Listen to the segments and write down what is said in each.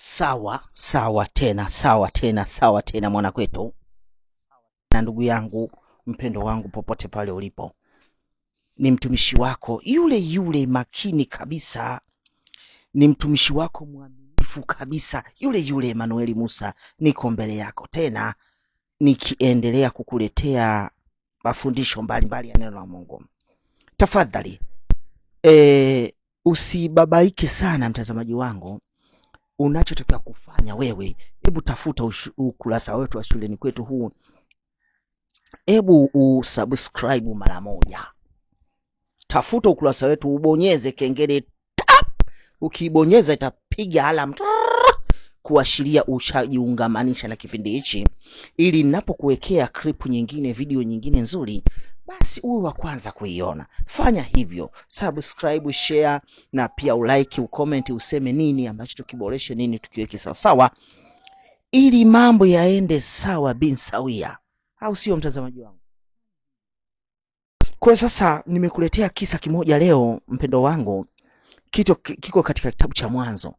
Sawa sawa tena sawa tena sawa tena mwanakwetu na ndugu yangu mpendo wangu, popote pale ulipo, ni mtumishi wako yule yule makini kabisa, ni mtumishi wako mwaminifu kabisa yule yule emanueli Musa. Niko mbele yako tena nikiendelea kukuletea mafundisho mbalimbali ya neno la Mungu. Tafadhali e, usibabaike sana mtazamaji wangu unachotakiwa kufanya wewe. Hebu tafuta ukurasa wetu wa shuleni kwetu huu, hebu usubscribe mara moja. Tafuta ukurasa wetu, ubonyeze kengele tap. itapiga alarm kuashiria ushajiungamanisha na kipindi hichi, ili ninapokuwekea clip nyingine, video nyingine nzuri basi uwe wa kwanza kuiona. Fanya hivyo, subscribe, share na pia ulike, ucomment, useme nini ambacho tukiboreshe, nini tukiweke sawasawa, ili mambo yaende sawa bin sawia, au sio, mtazamaji wangu? Kwa sasa nimekuletea kisa kimoja leo, mpendo wangu, kito kiko katika kitabu cha Mwanzo.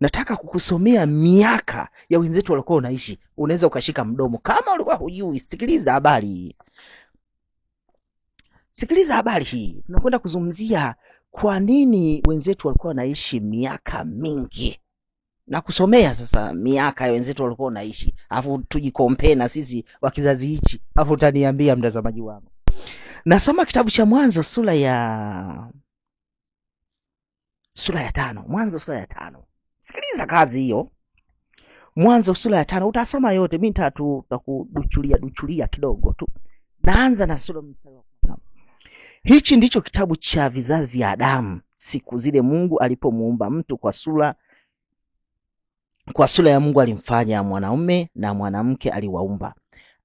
Nataka kukusomea miaka ya wenzetu walikuwa wanaishi, unaweza ukashika mdomo kama ulikuwa hujui. Sikiliza habari. Sikiliza habari hii, tunakwenda kuzungumzia kwa nini wenzetu walikuwa wanaishi miaka mingi na kusomea sasa miaka ya wenzetu walikuwa wanaishi, alafu tujikompe na sisi wa kizazi hichi, alafu utaniambia mtazamaji wangu. Nasoma kitabu cha Mwanzo sura ya sura ya tano, Mwanzo sura ya tano. Sikiliza kazi hiyo, Mwanzo sura ya tano, utasoma yote. Mi nitatu takuduchulia duchulia kidogo tu, naanza na sura mstari wa Hichi ndicho kitabu cha vizazi vya Adamu, siku zile Mungu alipomuumba mtu kwa sura kwa sura ya Mungu alimfanya mwanaume na mwanamke aliwaumba,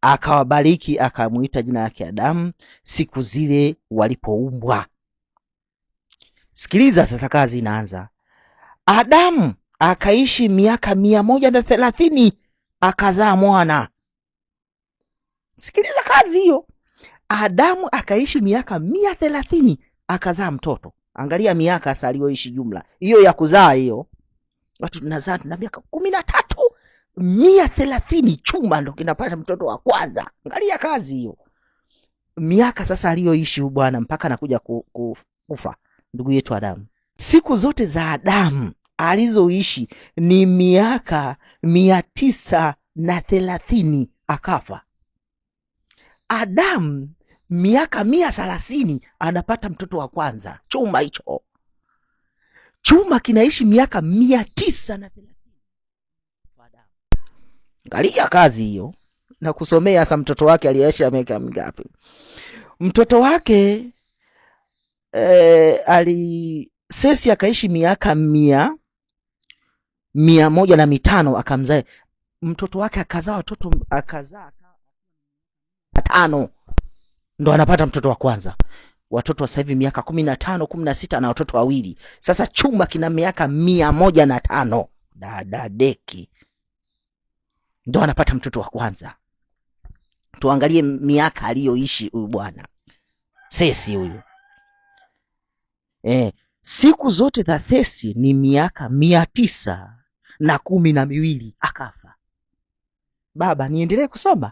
akawabariki, akamuita jina yake Adamu siku zile walipoumbwa. Sikiliza sasa, kazi inaanza. Adamu akaishi miaka mia moja na thelathini akazaa mwana. Sikiliza kazi hiyo. Adamu akaishi miaka mia thelathini akazaa mtoto. Angalia miaka asa aliyoishi jumla hiyo ya kuzaa hiyo. Watu tunazaa tuna miaka kumi na tatu mia thelathini chuma ndo kinapata mtoto wa kwanza. Angalia kazi hiyo, miaka sasa aliyoishi bwana mpaka anakuja kufa ndugu yetu Adamu. Siku zote za Adamu alizoishi ni miaka mia tisa na thelathini akafa. Adamu miaka mia thalathini anapata mtoto wa kwanza. Chuma hicho chuma kinaishi miaka mia tisa na thelathini. galia kazi hiyo, na kusomea hasa mtoto wake aliyeisha miaka mingapi? Mtoto wake e, ali Sesi akaishi miaka mia mia moja na mitano akamzae mtoto wake akazaa watoto akazaa tano ndo anapata mtoto wa kwanza. Watoto wa sasa hivi miaka kumi na tano kumi na sita na watoto wawili. Sasa chumba kina miaka mia moja na tano dada deki ndo anapata mtoto wa kwanza. Tuangalie miaka aliyoishi huyu bwana Sesi huyu e, siku zote za thesi ni miaka mia tisa na kumi na miwili akafa. Baba, niendelee kusoma?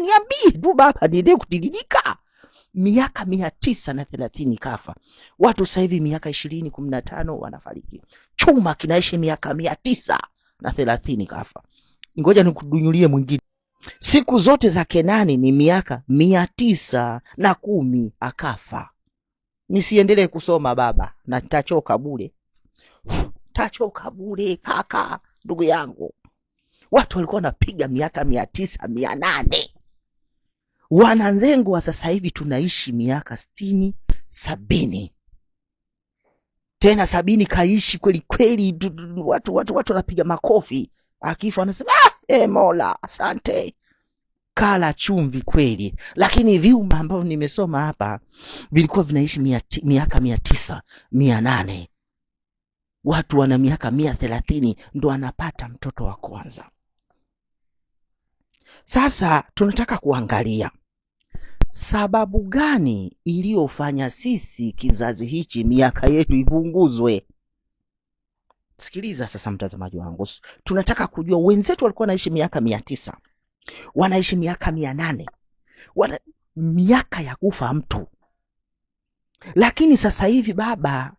niambie tu baba niende kutiririka miaka mia tisa na thelathini kafa watu sasa hivi miaka ishirini kumi na tano wanafariki chuma kinaishi miaka mia tisa na thelathini kafa ngoja nikudunyulie mwingine siku zote za kenani ni miaka mia tisa na kumi akafa nisiendelee kusoma baba na tachoka bule tachoka bule kaka ndugu yangu watu walikuwa wanapiga miaka mia tisa mia nane Wananzengo sasa hivi tunaishi miaka sitini sabini, tena sabini kaishi kweli kweli, watu watu watu wanapiga makofi, akifa wanasema ah, eh, Mola asante, kala chumvi kweli. Lakini vyumba ambavyo nimesoma hapa vilikuwa vinaishi miaka mia tisa mia nane watu wana miaka mia thelathini ndo anapata mtoto wa kwanza. Sasa tunataka kuangalia sababu gani iliyofanya sisi kizazi hichi miaka yetu ipunguzwe? Sikiliza sasa, mtazamaji wangu, tunataka kujua wenzetu walikuwa wanaishi miaka mia tisa wanaishi miaka mia nane wana miaka ya kufa mtu, lakini sasa hivi baba,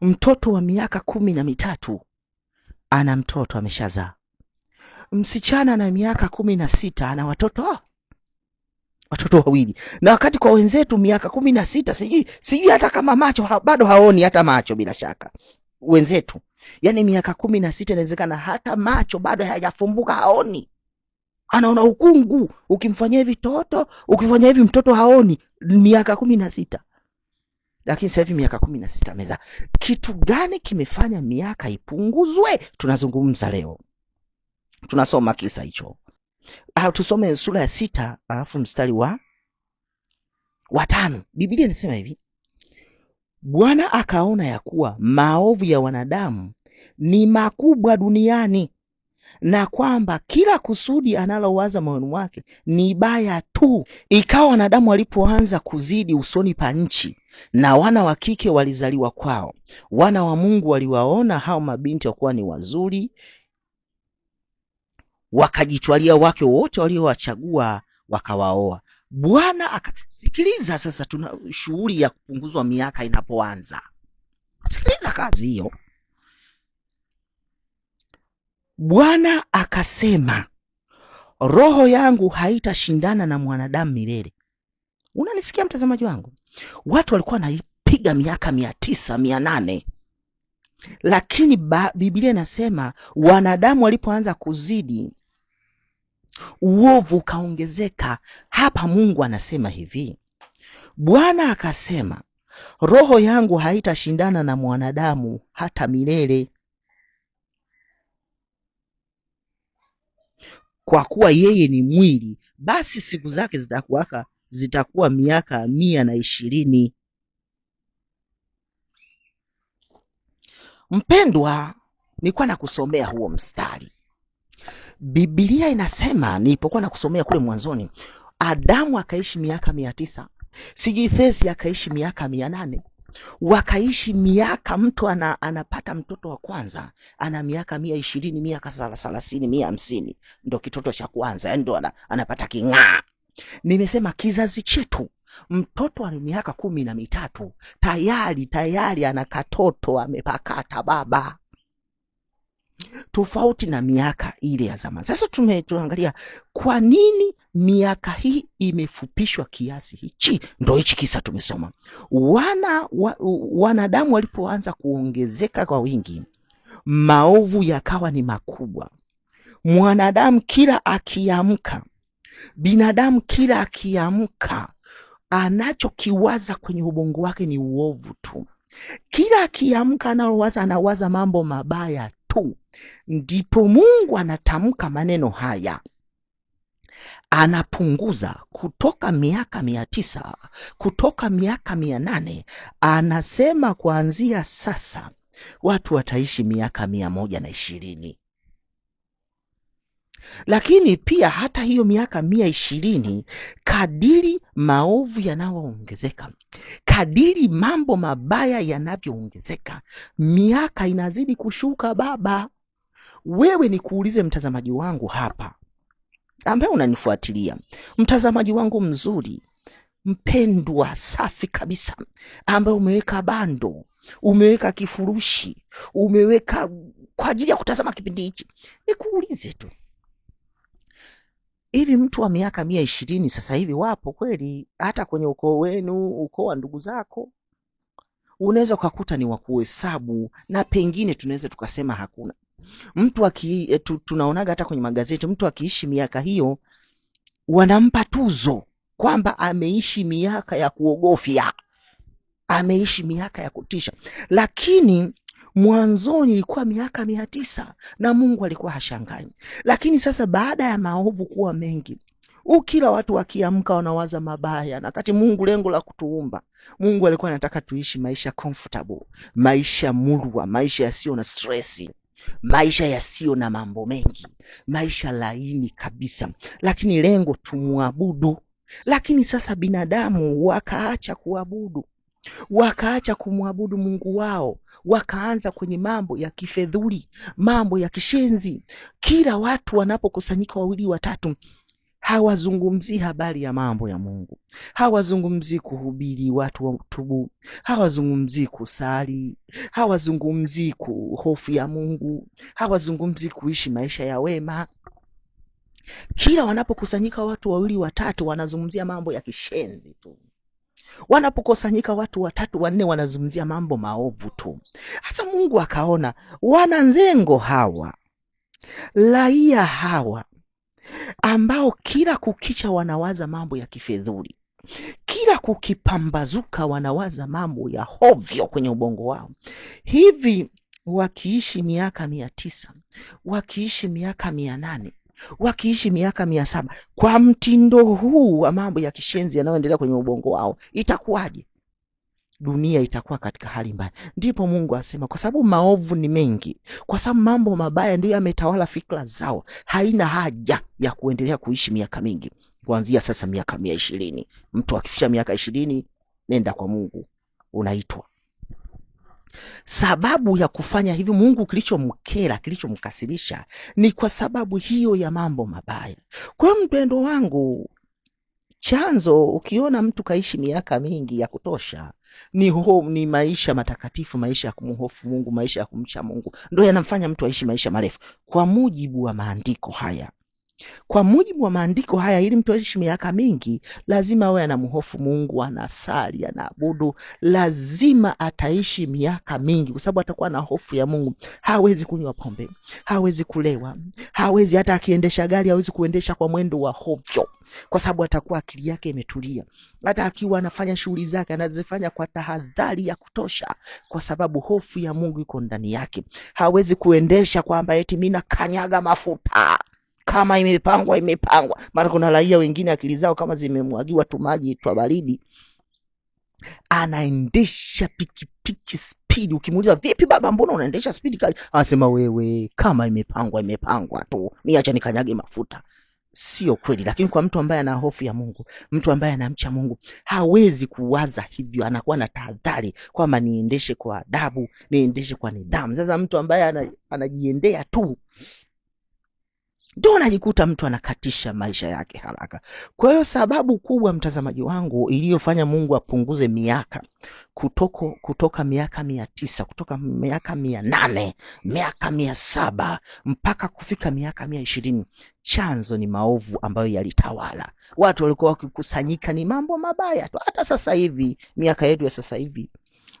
mtoto wa miaka kumi na mitatu ana mtoto ameshazaa, msichana na miaka kumi na sita ana watoto watoto wawili na wakati kwa wenzetu miaka kumi na sita sijui sijui hata kama macho ha, bado haoni hata macho bila shaka wenzetu yani miaka kumi na sita inawezekana hata macho bado hayajafumbuka haoni anaona ukungu ukimfanyia hivi toto ukimfanyia hivi mtoto haoni miaka kumi na sita lakini sasa hivi miaka kumi na sita meza kitu gani kimefanya miaka ipunguzwe tunazungumza leo tunasoma kisa hicho Ah, tusome sura ya sita alafu mstari wa watano. Biblia inasema hivi, Bwana akaona ya kuwa maovu ya wanadamu ni makubwa duniani na kwamba kila kusudi analowaza moyoni mwake ni baya tu. Ikawa wanadamu walipoanza kuzidi usoni pa nchi, na wana wa kike walizaliwa kwao, wana wa Mungu waliwaona hao mabinti wakuwa ni wazuri wakajitwalia wake wote waliowachagua wakawaoa. Bwana akasikiliza sasa, tuna shughuli ya kupunguzwa miaka inapoanza. Sikiliza kazi hiyo. Bwana akasema, roho yangu haitashindana na mwanadamu milele. Unanisikia mtazamaji wangu? Watu walikuwa wanaipiga miaka mia tisa mia nane lakini ba, Biblia inasema wanadamu walipoanza kuzidi uovu ukaongezeka. Hapa Mungu anasema hivi, Bwana akasema, roho yangu haitashindana na mwanadamu hata milele, kwa kuwa yeye ni mwili, basi siku zake zitakuwaka zitakuwa miaka mia na ishirini. Mpendwa, nilikuwa nakusomea huo mstari. Biblia inasema nilipokuwa nakusomea kule mwanzoni, Adamu akaishi miaka mia tisa, sijui akaishi miaka mia nane wakaishi miaka, mtu ana, anapata mtoto wa kwanza ana miaka mia ishirini miaka thelathini mia hamsini ndo kitoto cha kwanza, yani ndo ana, anapata king'aa Nimesema kizazi chetu, mtoto wa miaka kumi na mitatu tayari tayari ana katoto amepakata baba, tofauti na miaka ile ya zamani. Sasa tumetuangalia kwa nini miaka hii imefupishwa kiasi hichi, ndo hichi kisa tumesoma. Wana wa, wanadamu walipoanza kuongezeka kwa wingi, maovu yakawa ni makubwa. Mwanadamu kila akiamka Binadamu kila akiamka, anachokiwaza kwenye ubongo wake ni uovu tu. Kila akiamka anaowaza, anawaza mambo mabaya tu. Ndipo Mungu anatamka maneno haya anapunguza kutoka miaka mia tisa kutoka miaka mia nane anasema kuanzia sasa watu wataishi miaka mia moja na ishirini lakini pia hata hiyo miaka mia ishirini, kadiri maovu yanayoongezeka, kadiri mambo mabaya yanavyoongezeka, miaka inazidi kushuka. Baba wewe, nikuulize mtazamaji wangu hapa ambaye unanifuatilia, mtazamaji wangu mzuri mpendwa, safi kabisa, ambaye umeweka bando, umeweka kifurushi, umeweka kwa ajili ya kutazama kipindi hichi, nikuulize tu hivi mtu wa miaka mia ishirini sasa hivi wapo kweli? Hata kwenye ukoo wenu, ukoo wa ndugu zako, unaweza ukakuta ni wa kuhesabu, na pengine tunaweza tukasema hakuna mtu aki, eh, tunaonaga hata kwenye magazeti mtu akiishi miaka hiyo wanampa tuzo kwamba ameishi miaka ya kuogofya, ameishi miaka ya kutisha, lakini mwanzoni ilikuwa miaka mia tisa na Mungu alikuwa hashangani lakini sasa baada ya maovu kuwa mengi huu kila watu wakiamka wanawaza mabaya, na kati Mungu lengo la kutuumba, Mungu alikuwa anataka tuishi maisha comfortable, maisha murwa, maisha yasiyo na stresi, maisha yasiyo na mambo mengi, maisha laini kabisa, lakini lengo tumwabudu. Lakini sasa binadamu wakaacha kuabudu, wakaacha kumwabudu Mungu wao, wakaanza kwenye mambo ya kifedhuli, mambo ya kishenzi. Kila watu wanapokusanyika wawili watatu, hawazungumzii habari ya mambo ya Mungu, hawazungumzii kuhubiri watu wa utubu, hawazungumzii kusali, hawazungumzii kuhofu ya Mungu, hawazungumzii kuishi maisha ya wema. Kila wanapokusanyika watu wawili watatu, wanazungumzia mambo ya kishenzi tu wanapokosanyika watu watatu wanne, wanazungumzia mambo maovu tu. hasa Mungu akaona wana nzengo hawa, raia hawa ambao kila kukicha wanawaza mambo ya kifedhuli, kila kukipambazuka wanawaza mambo ya hovyo kwenye ubongo wao. Hivi wakiishi miaka mia tisa wakiishi miaka mia nane wakiishi miaka mia saba kwa mtindo huu wa mambo ya kishenzi yanayoendelea kwenye ubongo wao, itakuwaje? Dunia itakuwa katika hali mbaya. Ndipo Mungu asema, kwa sababu maovu ni mengi, kwa sababu mambo mabaya ndio yametawala fikra zao, haina haja ya kuendelea kuishi miaka mingi. Kuanzia sasa miaka mia ishirini, mtu akifikia miaka ishirini, nenda kwa Mungu, unaitwa Sababu ya kufanya hivyo, Mungu kilichomkera, kilichomkasirisha ni kwa sababu hiyo ya mambo mabaya. Kwa mpendo wangu, chanzo ukiona mtu kaishi miaka mingi ya kutosha ni ho, ni maisha matakatifu, maisha ya kumhofu Mungu, maisha ya kumcha Mungu, ndio yanamfanya mtu aishi maisha marefu kwa mujibu wa maandiko haya. Kwa mujibu wa maandiko haya, ili mtu aishi miaka mingi, lazima awe anamhofu Mungu, anasali, anaabudu, lazima ataishi miaka mingi, kwa sababu atakuwa na hofu ya Mungu. Hawezi kunywa pombe, hawezi kulewa, hawezi hata akiendesha gari, hawezi kuendesha kwa mwendo wa hovyo, kwa sababu atakuwa akili yake imetulia. Hata akiwa anafanya shughuli zake, anazifanya kwa tahadhari ya kutosha, kwa sababu hofu ya Mungu iko ndani yake. Hawezi kuendesha kwamba eti mimi nakanyaga mafuta kama imepangwa imepangwa. Maana kuna raia wengine akili zao kama zimemwagiwa tu maji twa baridi, anaendesha pikipiki spidi. Ukimuuliza, vipi baba, mbona unaendesha spidi kali? Anasema wewe, kama imepangwa imepangwa tu, niacha nikanyage mafuta. Sio kweli. Lakini kwa mtu ambaye ana hofu ya Mungu, mtu ambaye anamcha Mungu hawezi kuwaza hivyo, anakuwa na tahadhari kwamba niendeshe kwa adabu, niendeshe kwa nidhamu. Sasa mtu ambaye anajiendea tu ndo anajikuta mtu anakatisha maisha yake haraka. Kwa hiyo sababu kubwa, mtazamaji wangu, iliyofanya Mungu apunguze miaka kutoko, kutoka miaka mia tisa kutoka miaka mia nane miaka mia saba mpaka kufika miaka mia ishirini chanzo ni maovu ambayo yalitawala. Watu walikuwa wakikusanyika, ni mambo mabaya tu. Hata sasa hivi miaka yetu ya sasa hivi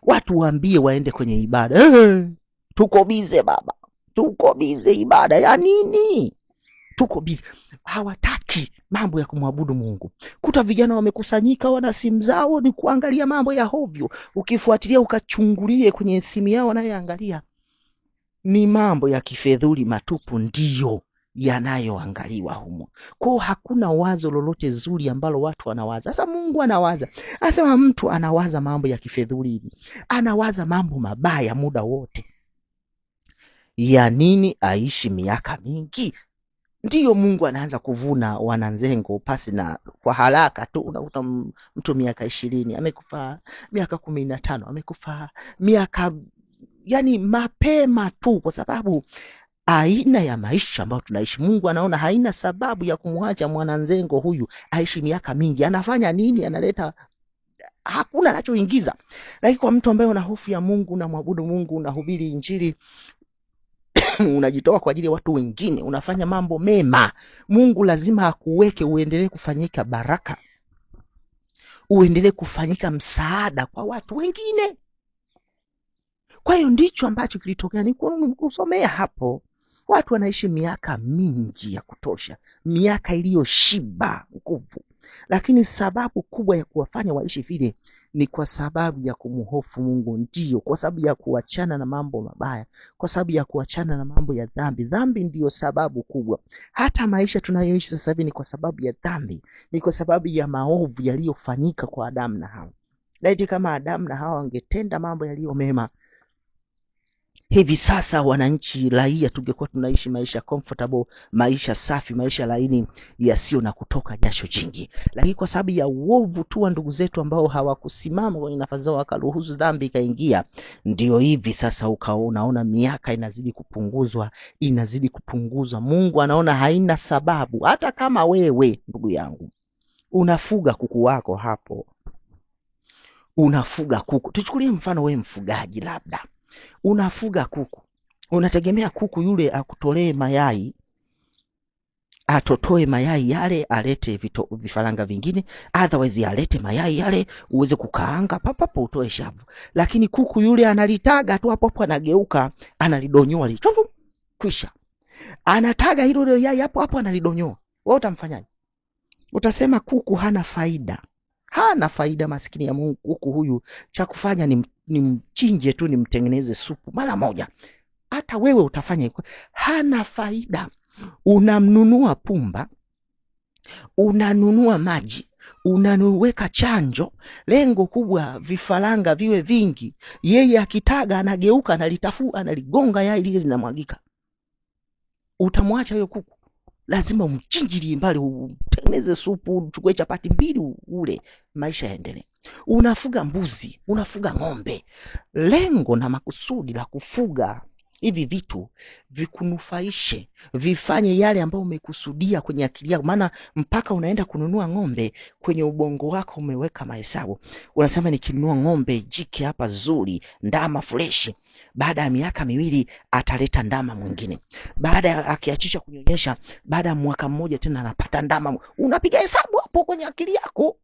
watu waambie waende kwenye ibada, eh, tuko bize baba, tuko bize ibada ya nini? tuko bizi, hawataki mambo ya kumwabudu Mungu. Kuta vijana wamekusanyika, wana simu zao, ni kuangalia mambo ya hovyo. Ukifuatilia ukachungulie kwenye simu yao wanayoangalia, ni mambo ya kifedhuli matupu ndiyo yanayoangaliwa humo. Kwao hakuna wazo lolote zuri ambalo watu wanawaza. Sasa Mungu anawaza, asema mtu anawaza mambo ya kifedhuli hivi, anawaza mambo mabaya muda wote, ya nini aishi miaka mingi? ndiyo Mungu anaanza kuvuna wananzengo pasi na kwa haraka tu. Unakuta mtu miaka ishirini amekufa, miaka kumi na tano amekufa, miaka yani mapema tu, kwa sababu aina ya maisha ambayo tunaishi, Mungu anaona haina sababu ya kumwacha mwananzengo huyu aishi miaka mingi. Anafanya nini? Analeta hakuna anachoingiza. Lakini kwa mtu ambaye una hofu ya Mungu, unamwabudu Mungu, unahubiri injiri unajitoa kwa ajili ya watu wengine, unafanya mambo mema, Mungu lazima akuweke uendelee kufanyika baraka, uendelee kufanyika msaada kwa watu wengine. Kwa hiyo ndicho ambacho kilitokea, nikusomea hapo. Watu wanaishi miaka mingi ya kutosha, miaka iliyoshiba nguvu. Lakini sababu kubwa ya kuwafanya waishi vile ni kwa sababu ya kumhofu Mungu, ndio kwa sababu ya kuachana na mambo mabaya, kwa sababu ya kuachana na mambo ya dhambi. Dhambi ndiyo sababu kubwa. Hata maisha tunayoishi sasa hivi ni kwa sababu ya dhambi, ni kwa sababu ya maovu yaliyofanyika kwa Adamu na Hawa. Laiti kama Adamu na Hawa wangetenda mambo yaliyo mema, hivi sasa wananchi raia tungekuwa tunaishi maisha comfortable, maisha safi, maisha laini yasiyo na kutoka jasho jingi. Lakini kwa sababu ya uovu tu wa ndugu zetu ambao hawakusimama kwenye nafasi zao wakaruhusu dhambi ikaingia, ndio hivi sasa unaona miaka inazidi kupunguzwa, inazidi kupunguzwa. Mungu anaona haina sababu. Hata kama wewe ndugu yangu unafuga kuku wako hapo, unafuga kuku, tuchukulie mfano we mfugaji labda Unafuga kuku, unategemea kuku yule akutolee mayai, atotoe mayai yale, alete vito, vifaranga vingine, otherwise alete mayai yale uweze kukaanga papapo, utoe shavu. Lakini kuku yule analitaga tu hapo hapo, anageuka analidonyoa lichovu, kwisha anataga hilo hilo yai hapo hapo analidonyoa. Wewe utamfanyaje? Utasema kuku hana faida, hana faida, maskini ya Mungu. Kuku huyu cha kufanya ni nimchinje tu nimtengeneze supu mara moja, hata wewe utafanya hivyo. Hana faida. Unamnunua pumba, unanunua maji, unanuweka chanjo. Lengo kubwa vifaranga viwe vingi. Yeye akitaga anageuka, analitafua, analigonga yai lile linamwagika. Utamwacha huyo kuku? lazima umchinjilie mbali, utengeneze supu, uchukue chapati mbili ule, maisha yaendelee. Unafuga mbuzi, unafuga ng'ombe, lengo na makusudi la kufuga hivi vitu vikunufaishe, vifanye yale ambayo umekusudia kwenye akili yako. Maana mpaka unaenda kununua ng'ombe, kwenye ubongo wako umeweka mahesabu, unasema nikinunua ng'ombe jike hapa zuri, ndama freshi, baada ya miaka miwili ataleta ndama mwingine, baada ya akiachisha kunyonyesha, baada ya mwaka mmoja tena anapata ndama. Unapiga hesabu hapo kwenye akili yako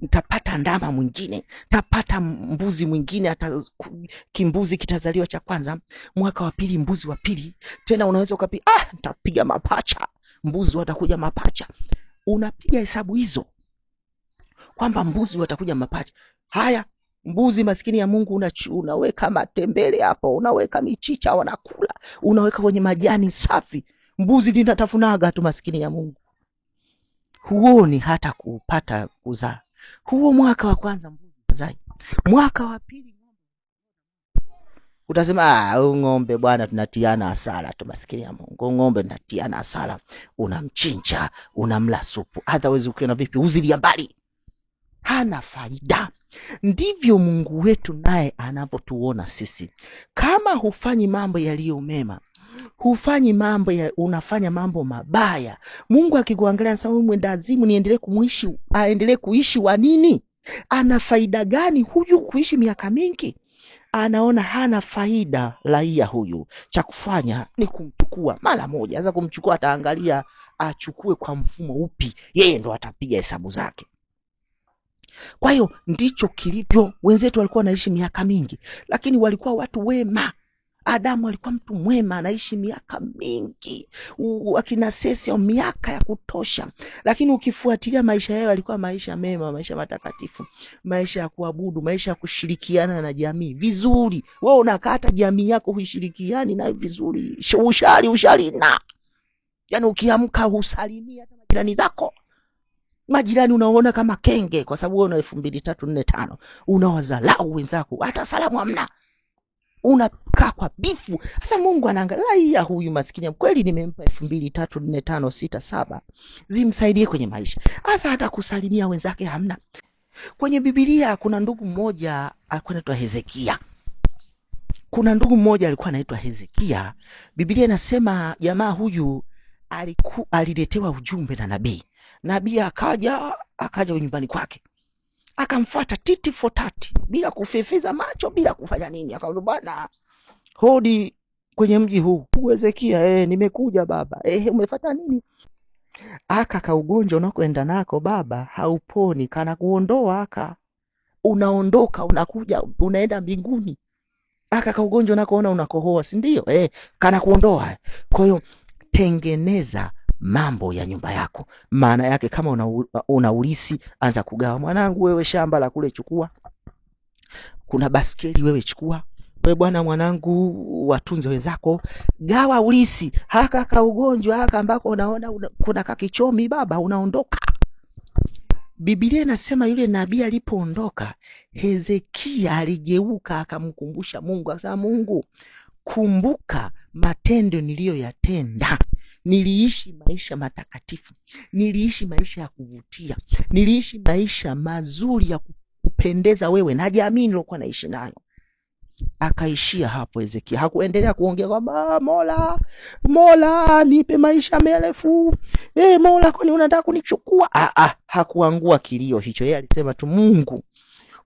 ntapata ndama mwingine, tapata mbuzi mwingine, hata kimbuzi kitazaliwa cha kwanza, mwaka wa pili mbuzi wa pili tena, unaweza ukapiga ah, ntapiga mapacha, mbuzi watakuja mapacha. Unapiga hesabu hizo kwamba mbuzi watakuja mapacha. Haya, mbuzi maskini ya Mungu una, unaweka matembele hapo, unaweka michicha wanakula, unaweka kwenye majani safi. Mbuzi linatafunaga tu maskini ya Mungu, huoni hata kupata kuzaa. Huo mwaka wa kwanza mbuzi wazai, mwaka wa pili utasema ah, ng'ombe bwana, tunatiana hasara tu, maskini ya Mungu, ng'ombe tunatiana hasara. Unamchinja, unamla supu, wezi ukiona vipi, uzilia mbali, hana faida. Ndivyo Mungu wetu naye anavyotuona sisi. Kama hufanyi mambo yaliyo mema, hufanyi mambo ya, unafanya mambo mabaya. Mungu akikuangalia anasema huyu mwendazimu niendelee kumuishi, aendelee kuishi wa nini? Ana faida gani huyu kuishi miaka mingi? Anaona hana faida raia huyu, cha kufanya ni kumchukua mara moja. aza kumchukua, ataangalia achukue kwa mfumo upi, yeye ndo atapiga hesabu zake. Kwa hiyo ndicho kilivyo. Wenzetu walikuwa wanaishi miaka mingi, lakini walikuwa watu wema. Adamu alikuwa mtu mwema, anaishi miaka mingi, akina Sesi au miaka ya kutosha, lakini ukifuatilia maisha yao alikuwa maisha mema, maisha matakatifu, maisha ya kuabudu, maisha ya kushirikiana na jamii vizuri. we unakaa hata jamii yako huishirikiani nayo vizuri, ushari ushari na yani, ukiamka husalimia hata majirani zako majirani unaona kama kenge, kwa sababu wewe una elfu mbili tatu nne tano unawazalau wenzako, hata salamu hamna unakaa kwa bifu. Sasa Mungu anaangalia huyu maskini kweli, nimempa elfu mbili tatu nne tano sita saba zimsaidie kwenye maisha, hasa hata kusalimia wenzake hamna. Kwenye bibilia kuna ndugu mmoja alikuwa anaitwa Hezekia. Kuna ndugu mmoja alikuwa anaitwa Hezekia. bibilia inasema jamaa huyu aliku, aliletewa ujumbe na nabii. Nabii akaja akaja nyumbani kwake akamfuata titi for tati bila kufefeza macho bila kufanya nini, akamwambia bwana, hodi kwenye mji huu uwezekia. Eh, nimekuja baba. Eh, umefuata nini? Aka ka ugonjwa unakoenda nako baba hauponi, kana kuondoa aka unaondoka unakuja unaenda mbinguni. Aka ka ugonjwa unakoona unakohoa, si ndio? Eh, kana kuondoa. Kwa hiyo tengeneza mambo ya nyumba yako. Maana yake kama una, una ulisi, anza kugawa. Mwanangu wewe, shamba la kule chukua, kuna baskeli wewe chukua we bwana mwanangu, watunze wenzako, gawa ulisi haka ka ugonjwa haka ambako unaona una, kuna kakichomi baba, unaondoka. Biblia inasema yule nabii alipoondoka, Hezekia aligeuka akamkumbusha Mungu, akasema Mungu, kumbuka matendo niliyoyatenda Niliishi maisha matakatifu, niliishi maisha ya kuvutia, niliishi maisha mazuri ya kupendeza wewe na jamii nilokuwa naishi nayo. Akaishia hapo Ezekia, hakuendelea kuongea kwamba ah, Mola, Mola nipe maisha merefu, eh, Mola kwani unataka kunichukua? Ah, ah, hakuangua kilio hicho. Yeye alisema tu, Mungu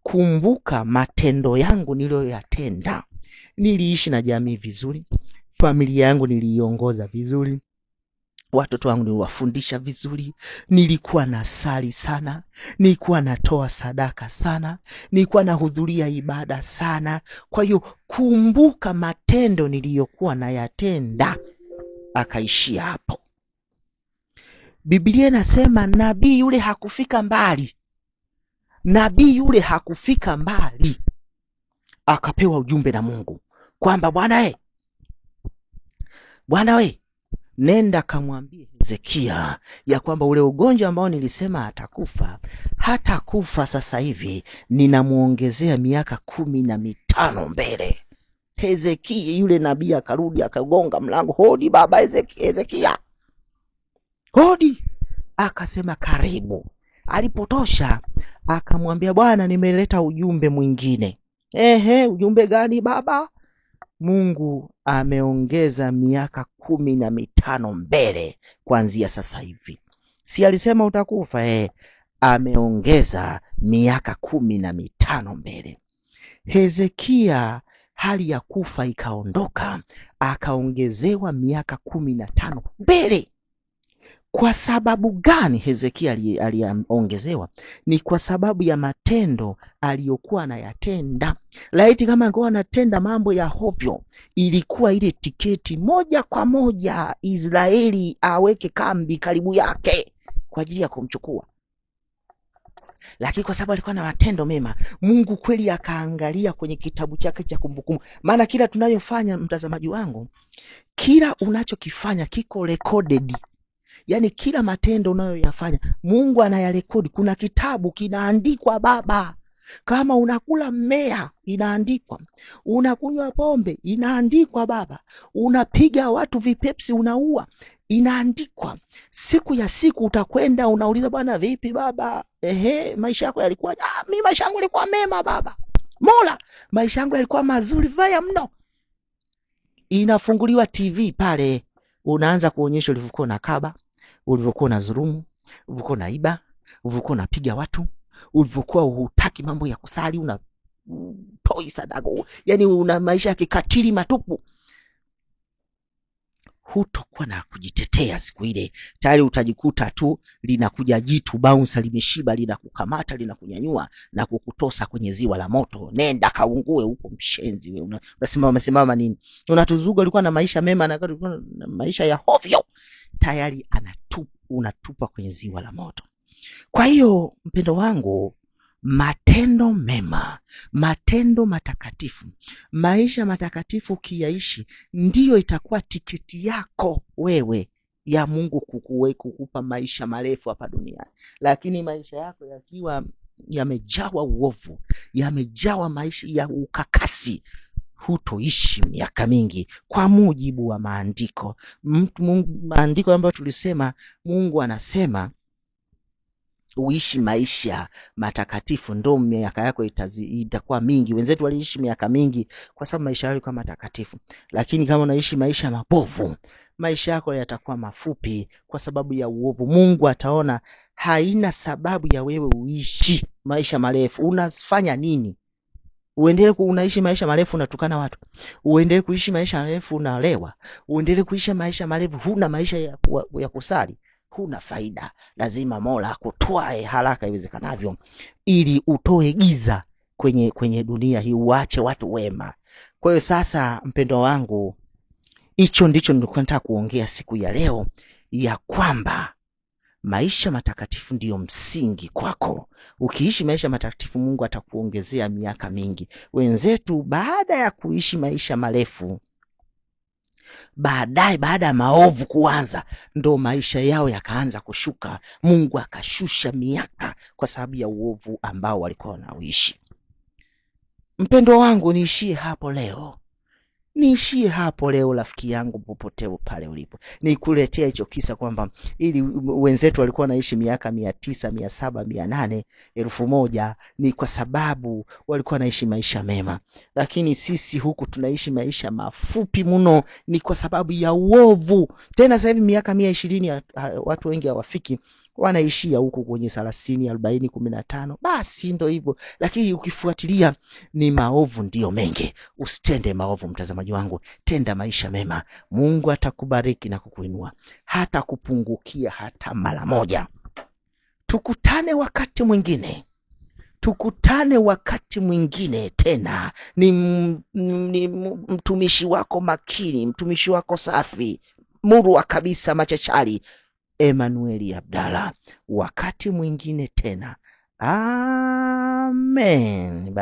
kumbuka matendo yangu niliyoyatenda. Niliishi na jamii vizuri, familia yangu niliiongoza vizuri, watoto wangu niliwafundisha vizuri, nilikuwa na sali sana, nilikuwa natoa sadaka sana, nilikuwa nahudhuria ibada sana. Kwa hiyo kumbuka matendo niliyokuwa nayatenda. Akaishia hapo. Biblia inasema nabii yule hakufika mbali, nabii yule hakufika mbali, akapewa ujumbe na Mungu kwamba bwana we, bwana we nenda kamwambie Hezekia ya kwamba ule ugonjwa ambao nilisema atakufa kufa sasa hivi, ninamwongezea miaka kumi na mitano mbele. Hezekia yule nabii akarudi akagonga mlango, hodi baba Hezekia, hodi. Akasema karibu. Alipotosha akamwambia, Bwana, nimeleta ujumbe mwingine. Ehe, ujumbe gani baba? Mungu ameongeza miaka kumi na mitano mbele kuanzia sasa hivi. Si alisema utakufa eh? Ameongeza miaka kumi na mitano mbele. Hezekia hali ya kufa ikaondoka, akaongezewa miaka kumi na tano mbele. Kwa sababu gani Hezekia aliyeongezewa? Ni kwa sababu ya matendo aliyokuwa anayatenda. Laiti kama angekuwa anatenda mambo ya hovyo, ilikuwa ile tiketi moja kwa moja Israeli aweke kambi karibu yake kwa ajili ya kumchukua lakini kwa sababu alikuwa na matendo mema, Mungu kweli akaangalia kwenye kitabu chake cha kumbukumbu. Maana kila tunayofanya, mtazamaji wangu, kila unachokifanya kiko recorded yani kila matendo unayoyafanya Mungu anayarekodi. Kuna kitabu kinaandikwa baba kama unakula mmea inaandikwa, unakunywa pombe inaandikwa baba, unapiga watu vipepsi, unaua inaandikwa. Siku ya siku utakwenda unauliza, bwana vipi baba? Ehe, maisha yako yalikuwa? Ah, mi maisha yangu yalikuwa mema baba, Mola, maisha yangu yalikuwa mazuri vaya mno. Inafunguliwa TV pale, unaanza kuonyesha ulivyokuwa na kaba ulivyokuwa unazulumu, ulivyokuwa unaiba, ulivyokuwa unapiga watu, ulivyokuwa hutaki mambo ya kusali, una toi sadaka, yani una maisha ya kikatili matupu. Hutokuwa na kujitetea siku ile, tayari utajikuta tu linakuja jitu bounce, limeshiba linakukamata, linakunyanyua na kukutosa kwenye ziwa la moto. Nenda kaungue huko, mshenzi wewe! Unasimama una nini? Unatuzuga. Ulikuwa na maisha mema na, na maisha ya hovyo tayari anatup, unatupa kwenye ziwa la moto. Kwa hiyo mpendo wangu, matendo mema, matendo matakatifu, maisha matakatifu ukiyaishi, ndiyo itakuwa tiketi yako wewe ya Mungu kukuwe, kukupa maisha marefu hapa duniani. Lakini maisha yako yakiwa yamejawa uovu, yamejawa maisha ya ukakasi hutoishi miaka mingi kwa mujibu wa maandiko. Maandiko ambayo tulisema Mungu anasema uishi maisha matakatifu, ndo miaka yako itazi, itakuwa mingi. Wenzetu waliishi miaka mingi kwa sababu maisha yao yalikuwa matakatifu, lakini kama unaishi maisha mabovu, maisha yako yatakuwa mafupi kwa sababu ya uovu. Mungu ataona haina sababu ya wewe uishi maisha marefu. Unafanya nini? uendelee unaishi maisha marefu unatukana watu, uendelee kuishi maisha marefu unalewa, uendelee kuishi maisha marefu huna maisha ya, ya kusali huna faida. Lazima Mola akutwae haraka iwezekanavyo, ili utoe giza kwenye kwenye dunia hii, uache watu wema. Kwa hiyo sasa, mpendo wangu, hicho ndicho nilikuwa nataka kuongea siku ya leo ya kwamba maisha matakatifu ndiyo msingi kwako. Ukiishi maisha matakatifu, Mungu atakuongezea miaka mingi. Wenzetu baada ya kuishi maisha marefu, baadaye, baada ya maovu kuanza, ndo maisha yao yakaanza kushuka. Mungu akashusha miaka kwa sababu ya uovu ambao walikuwa wanauishi. Mpendo wangu, niishie hapo leo. Niishie hapo leo, rafiki yangu, popote pale ulipo. Nikuletea hicho kisa kwamba ili wenzetu walikuwa wanaishi miaka mia tisa, mia saba, mia nane, elfu moja ni kwa sababu walikuwa wanaishi maisha mema, lakini sisi huku tunaishi maisha mafupi mno, ni kwa sababu ya uovu. Tena sahivi miaka mia ishirini watu wengi hawafiki wanaishia huko kwenye thelathini arobaini kumi na tano basi ndo hivyo, lakini ukifuatilia ni maovu ndiyo mengi. Usitende maovu, mtazamaji wangu, tenda maisha mema. Mungu atakubariki na kukuinua, hata kupungukia hata mara moja. Tukutane wakati mwingine tukutane wakati mwingine tena. Ni, ni mtumishi wako makini, mtumishi wako safi, murwa kabisa, machachari emanueli Abdallah wakati mwingine tena. Amen.